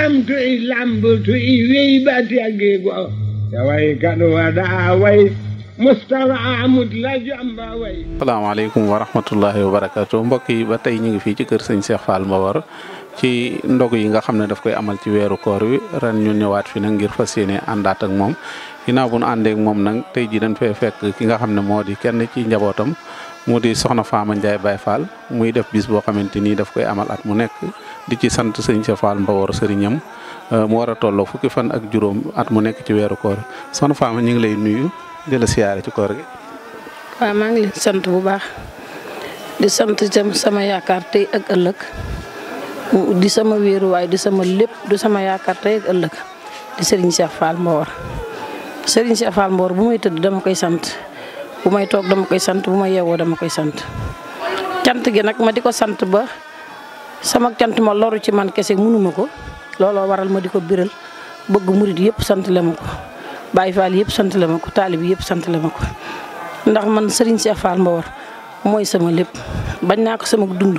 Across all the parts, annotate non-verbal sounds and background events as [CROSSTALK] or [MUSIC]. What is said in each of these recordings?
lamto e lamboto e wa rahmatullahi wa mbokk yi ba tey ñu ngi fii ci kër sëñ Cheikh Fall Mbaor ci ndog yi nga xam ne daf koy amal ci weeru koor wi ren ñu ñëwaat fi nag ngir fas yéene àndaat ak moom ginnaaw bu nu àndee moom nag tey ji dañ fee fekk ki nga xam ne moo di kenn ci njabootam mu di soxna Faama Ndiaye Baye Fall muy def bis boo xamante nii daf koy amal at mu nekk di ci sant sëñ sa Fall Mbawor sëriñam euh, mu war a tolloo fukki fan ak juróom at mu nekk ci weeru koor soxna Faama ñu ngi lay nuyu di la siyaare ci koor maa ngi sant bu baax di sant itam sama yaakaar tey ak ëllëg di sama wéeruwaay di sama lépp di sama yaakaar tey ak di sëriñ Cheikh Fall Mbawor sëriñ Cheikh Fall bu may tëdd dama koy sant. bu may toog dama koy sant bu ma yeewoo dama koy sant cant gi nag ma di ko sant ba sama cant ma loru ci man kese mënuma ko looloo waral ma di ko biral bëgg murit yëpp sant la ma ko Baay Faal yëpp sant la ma ko taalib yëpp sant la ma ko ndax man sëriñ Cheikh Fall Mbawar mooy sama lépp bañ naa ko sama dund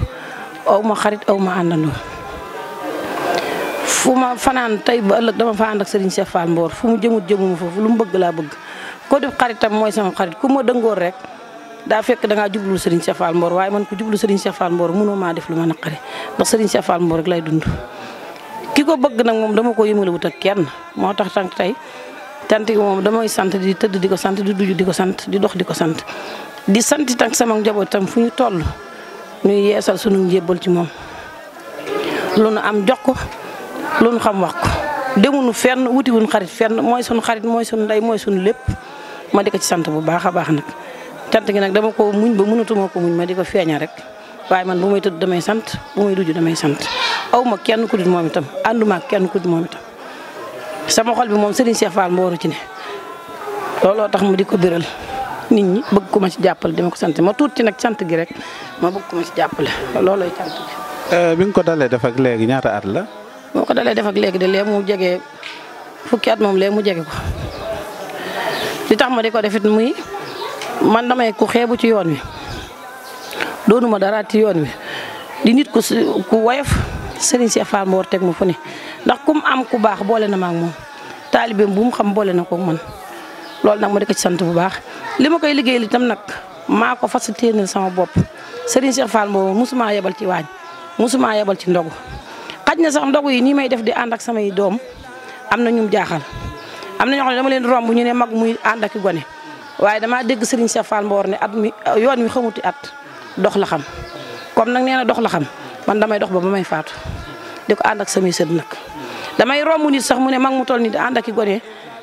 aw ma xarit aw ma àndandoo fu ma fanaan tey ba ëllëg dama fa ànd ak Serigne Mbawar fu mu jëmut jëmuma foofu lu mu bëgg laa bëgg koo def xaritam mooy sama xarit ku ma dëngoon rek daa fekk dangaa jublu Serigne Cheikh mboor Mbor waaye man ku jublu Serigne Cheikh Fall Mbor mënoo maa def lu ma naqari ndax Serigne Cheikh Fall Mbor lay dund. ki ko bëgg nag moom dama ko yëngale wut ak kenn moo tax tant tey tant moom damay sant di tëdd di ko sant di duju di ko sant di dox di ko sant di sant tànk sama njabootam fu toll ñuy yeesal sunu njébbal ci moom. lu nu am jox ko lu nu xam wax ko demuñu fenn wutiwuñu xarit fenn mooy sunu xarit mooy sunu ndey mooy sunu lépp. ma di ko ci sant bu baax a baax nag cant gi nag dama ko muñ ba mënatuma ko muñ ma di ko feeña rek waaye man bu may tëdd damay sant bu may duju damay sant aw kenn ku dul moom itam ànduma kenn ku dul sama xol bi moom Serigne Cheikh Fall mbooru ci ne looloo tax mu di ko biral nit ñi bëgg ko ma ci jàppale dama ko sant ma tuut ci nag sant gi rek ma bëgg ko ma ci jàppale loolooy cant gi. Euh, bi nga ko dalee def ak léegi ñaata at la. moo ko dalee def ak léegi de léegi mu jege fukki at moom lee mu jege ko. li tax ma di ko defit muy man damay ku xeebu ci yoon wi doonuma dara ci yoon mi di nit ku ku woyof Serigne Cheikh Fall Mbaor teg ma fu ne ndax kum am ku baax boole na ma ak moom taalibeem bu mu xam boole na ko man loolu nag ma di ko ci sant bu baax li ma koy liggéeyal itam nag maa ko fas téenal sama bopp Serigne Cheikh Fall Mbaor mosuma yebal ci waañ mosuma yebal ci ndogu xaj na sax ndogu yi nii may def di ànd ak samay doom am na ñum jaaxal am na ñoo xam ne dama leen romb ñu ne mag muy ànd ak gone waaye damaa dégg Serigne Cheikh Fall Mbaor ne at mi yoon wi xamuti at dox la xam comme nag nee dox la xam man damay dox ba ba may faatu di ko ànd ak samay sët nag damay romb nit sax mu ne mag mu toll nii ànd ak i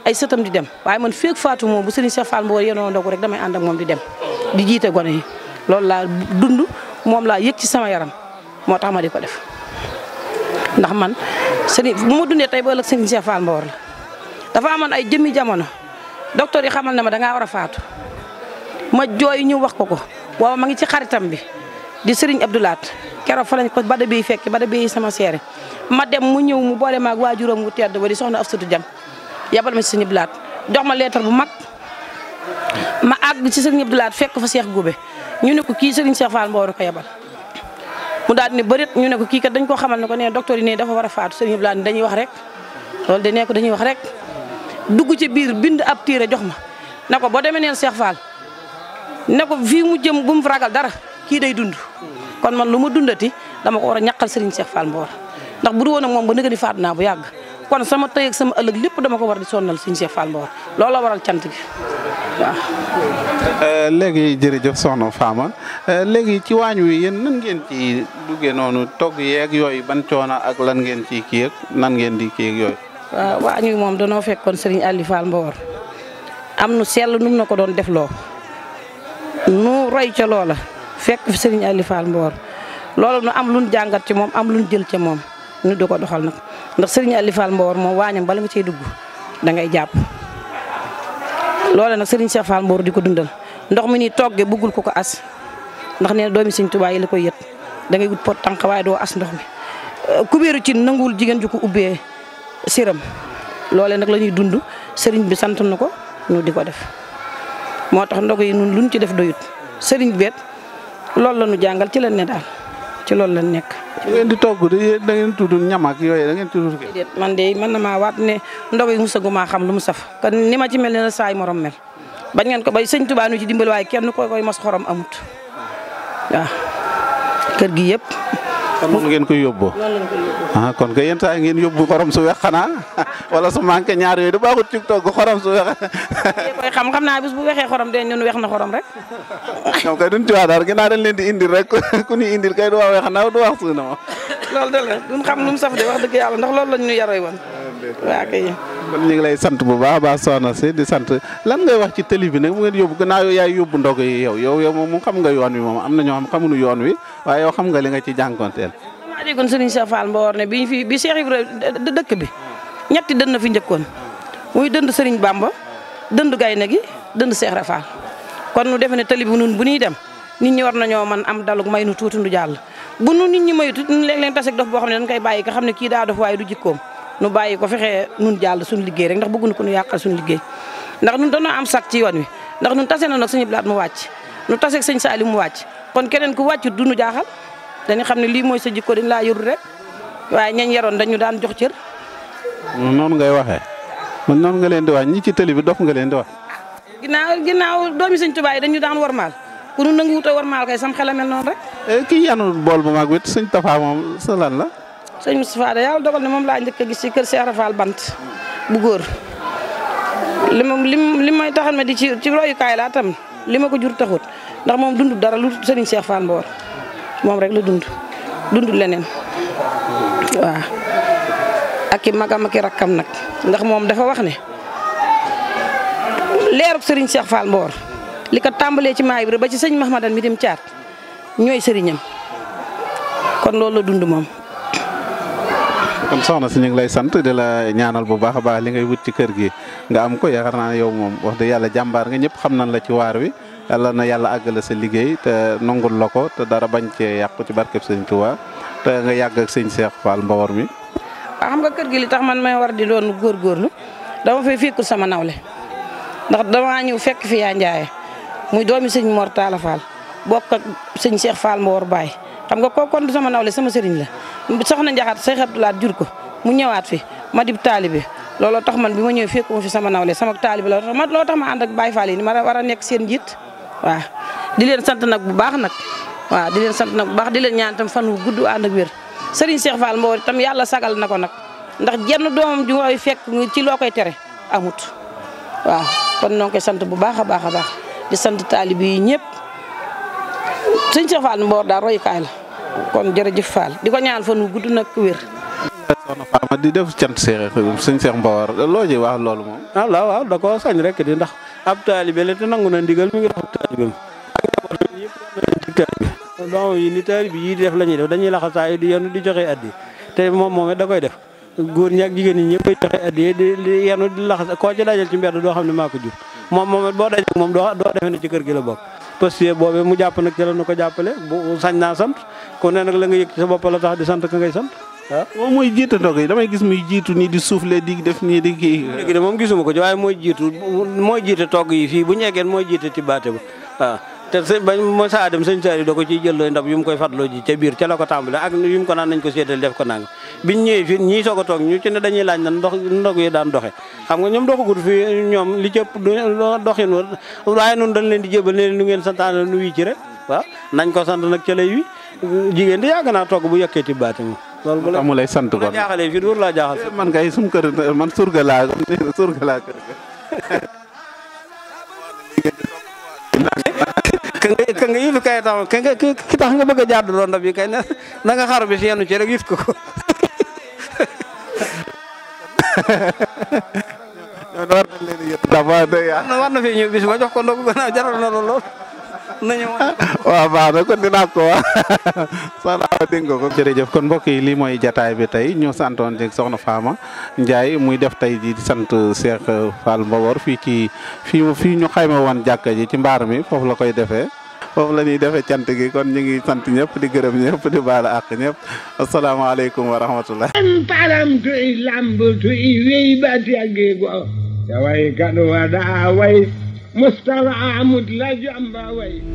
ay sëtam di waaye man feek faatu bu Serigne Cheikh Fall Mbaor yénoo ndogu rek damay ànd moom di dem di jiite gone yi loolu laa dund moom laa yëg ci sama yaram moo tax ma di ko def ndax man Serigne bu dundee tey ba ëllëg Serigne la dafa amoon ay jëmmi jamono docteur yi xamal na ma dangaa war a faatu ma jooy ñu wax ko ko booba ma ngi ci xaritam bi di Serigne Abdoulaat keroog fa lañ ko bada biy fekk bada biy sama seere ma dem mu ñëw mu boole maag waajuram wu tedd ba di soxna Afsatu Jam yabal ma ci Serigne Abdoulaat jox ma leetar bu mag ma àgg ci Serigne Abdoulaat fekk fa Seex Gube ñu ne ko kii Serigne Cheikh Fall Mbow ko yabal mu daal ni bërit ñu ne ko kii kat dañ ko xamal ne ko nee docteur yi ne dafa war a faatu Serigne Abdoulaat dañuy wax rek loolu de nee ko dañuy wax rek dugg ci biir bind ab téere jox ma ne ko boo demee neen Cheikh Fall ne ko fii mu jëm bu mu ragal dara kii day dund kon man lu ma dundati dama ko war a ñaqal Serigne Cheikh Fall Mbor ndax bu du woon ak moom ba nëgë ni faat naa bu yàgg kon sama tey sama ëllëg lépp dama ko war di sonnal Serigne Cheikh Fall Mbor looloo waral cant gi waaw. Euh, léegi jërëjëf soxna Fama euh, léegi ci waañ wi yéen nan ngeen ci duggee noonu togg yeeg yooyu ban coono ak lan ngeen ci kii ak ngeen di kii ak waaw waañ wi moom danoo fekkoon Serigne Aliou Fall Mbawar am nu sell num na ko doon def loo nu roy ca loola fekk fi Serigne Aliou Fall Mbawar loolu nu am lu jàngat ci moom am lu jël ci moom nu du ko doxal nag ndax Serigne Aliou mboor Mbawar moom waañam bala nga cey dugg dangay jàpp loola nag sëriñ Cheikh Fall Mbawar di ko dundal ndox mi ni togge bëggul ko ko as ndax nee na doomi Serigne Touba yi la koy yët dangay ngay wut pot tànk waaye doo as ndox mi ku kubéeru ci nanguwul jigéen ju ko ubbee siram loolee nag la ñuy dund sëriñ bi sant na ko ñu di ko def moo tax ndogu yi nun luñ ci def doyut sëriñ beet loolu la ñu jàngal ci lañ ne daal ci loolu la nekk. da di togg de da ngeen tudd ñam ak yooyu da ngeen tudd. déedéet man de mën na maa waat ne ndogu yi musagu maa xam lu mu saf kon ni ma ci mel ne la saay morom mel bañ ngeen ko bay sëñ Tuubaa nu ci dimbali waaye kenn koy koy mos xorom amut waaw kër gi yëpp. kon ko ngeen koy yóbbu ah kon kay yenn saa ngeen yóbbu xorom su weex xanaa [LAUGHS] wala su manqué ñaar yooyu da baaxut ci togg xorom su weex koy xam xam naa bis bu weexee xorom de ñun weex na xorom rek [LAUGHS] ñoom kay duñ ci daal ginnaaw dañ leen di indil rek ku ñu indil kay du wax weex na du wax a moom loolu de la duñ xam nu mu saf de wax dëgg yàlla ndax loolu lañ ñu yaroy woon waa kay kon ñu ngi lay sant bu baax baax soxna si di sant lan ngay wax ci tëli bi nag mu ngeen yóbbu gannaaw yow yaay yóbbu ndog yi yow yow yow moom xam nga yoon wi moom am na ñoo yoon wi waaye xam nga li nga ci jànkonteel maa déggoon Serigne Cheikh Fall Mbawor ne bi fi bi Cheikh Ibrahima dëkk bi ñetti dënd fi njëkkoon muy dënd Serigne Bamba dënd gaynde gi dënd Cheikh kon nu defe ne tëli bi bu ñuy dem nit ñi war nañoo man am dalug may nu tuuti nu jàll bu nu nit ñi mayut ñu léeg-léeg tase ak dof boo xam ne dañ koy bàyyi nga xam ne kii daa dof waaye du jikkoom nu bàyyi ko fexee nun jàll suñu liggéey rek ndax bëgguñu ko nu yàqal suñu liggéey ndax nun dañoo am sag ci yoon wi ndax nun tase na nag suñu blaat mu wàcc nu tase ak sëñ Saali mu wàcc kon keneen ku wàcc du nu jaaxal dañu xam ne lii mooy sa jikko dañ laa yorul rek waaye ñañ yaroon dañu daan jox cër noonu ngay waxee man noon nga leen di wax ñi ci tëli bi dof nga leen di wax ginnaaw ginnaaw doomi sëñ Tuubaa yi dañu daan warmaal ku nu nangu wuta warmaal kay sam xelamel noonu rek Eh, kii yanu bool bu mag wit sëñ Tafa moom sa lan la. sëñ Moustapha da yàlla dogal ne moom laa njëkk a gis ci kër Cheikh Rafal Bant bu góor li ma li may taxal ma di ci ci royukaay laa tam li ma ko jur taxut ndax moom dund dara lu sëriñ Cheikh Fall moom rek la dund dund leneen waaw. ak i magam ak i rakkam nag ndax moom dafa wax ne leerug sëriñ seex Fall Mbaor li ko tàmbalee ci maay ba ci sëñ Mahmadan mi dem caat. ñooy sëriñam kon loolu la dund moom. kon soxna si ñu lay sant di la ñaanal bu baax a baax li ngay wut ci kër gi nga am ko yaakaar yow moom wax dëgg yàlla jàmbaar nga ñëpp xam nañ la ci waar wi. yàlla na yàlla àggale sa liggéey te nangul la ko te dara bañ cee yàqu ci barkeb sëñ Tuubaa te nga yàgg ak sëñ Cheikh Fall Mbawar mi. waaw ah, xam nga kër gi li tax man may war di doon góorgóorlu dama fay fekkul sama nawle ndax damaa ñëw fekk fi yaa Njaaye muy doomi sëñ bokk ak sëñ Cheikh Fall Mbaor baay xam nga ko kon du sama nawle sama sëriñ la soxna Njaxate Cheikh Abdoulaat jur ko mu ñëwaat fi ma dib taalibe looloo tax man bi ma ñëwee fekkuma fi sama nawle sama taalibe la ma loo tax ma ànd ak Baye Fall yi ma war a nekk seen njiit waaw di leen sant nag bu baax nag waaw di leen sant nag bu baax di leen ñaan tam fan wu gudd ànd ak wér sëriñ Cheikh Fall Mbaor tam yàlla sagal na ko nag ndax jenn doomam ju fekk ci loo koy tere amut waaw kon noo ngi koy sant bu baax a baax a baax di sant t yi ñëpp sëñ Cheikh Fall Mbaor daal royukaay la kon jërëjëf Fall di ko ñaan fan wu gudd nag wér. soxna Fama di def cant séeréer sëñ Cheikh Mbaor loo ji wax loolu moom. ah waaw da koo sañ rek di ndax ab taalibe la te nangu na ndigal mi ngi doon ab taalibe doom yi ni bi yi def la ñuy def dañuy laxasaayu di yenu di joxe addi te moom moom da koy def góor ñi ak jigéen ñi ñëpp joxe addi di yenu di laxas koo ci dajal ci mbedd doo xam ne maa ko jur moom moom boo dajal moom doo doo defe ne ci kër gi la bokk postier boobe mu jàpp nag ci la nu ko jàppale bu sañ naa sant kon nee nag la nga yëg ci sa boppal la tax di sant ka ngay sant ah. waaw moom mooy jiite ndog yi damay gis muy jiitu nii di suuf lee di def nii di kii. léegi moom gisuma ko ci waaye mooy jiitu mooy jiite togg yi fii bu ñu mooy jiite ci baate ba ah. te sëñ ba Moussa Adama sëñ Saliou da ko ciy jëlloo ndab yu mu koy fatloo ji ca biir ca la ko tàmbale ak ko naan nañ ko séddale def ko nang biñ ñëwee fii ñii soog a toog ñu ci ne dañuy laaj nan ndox ndox yi daan doxe xam nga ñoom doxagut fi ñoom li cëpp doxin wa waaye noonu dañ leen di jébal ne leen nu ngeen santaane nu wii ci rek waaw nañ ko sant nag ca lay wi jigéen di yàgg naa togg bu yëkkati baati moom loolu bu la amulay sant kon jaaxalee fii eh, man surga laa surga laa kër [LAUGHS] ka nga ka kay tax ka nga ki tax nga bëgg a jàdd loo ndab yi kay ne na nga xaru bi si yenn ci ko ko [LAUGHS] na war na fi ñëw bis ma jox ko ndogu gannaaw jaral na lool nañu waaw baax na kon dinaa ko [LAUGHS] mbokk yi lii mooy jataay bi tey ñoo santoon jeg soxna Fama muy def tey ji di sant Cheikh Fall Mbawor fii ci fii fii ñu xayma woon jàkka ji ci mbaar mi foofu la koy defee foofu la ñuy defe cant gi kon ñu ngi sant ñëpp di gërëm ñëpp di baal àq ñëpp asalaamaaleykum wa rahmatullah param to i lamb to i wey bati agego tawai kaɗo waɗa way mustawa amud la jamba way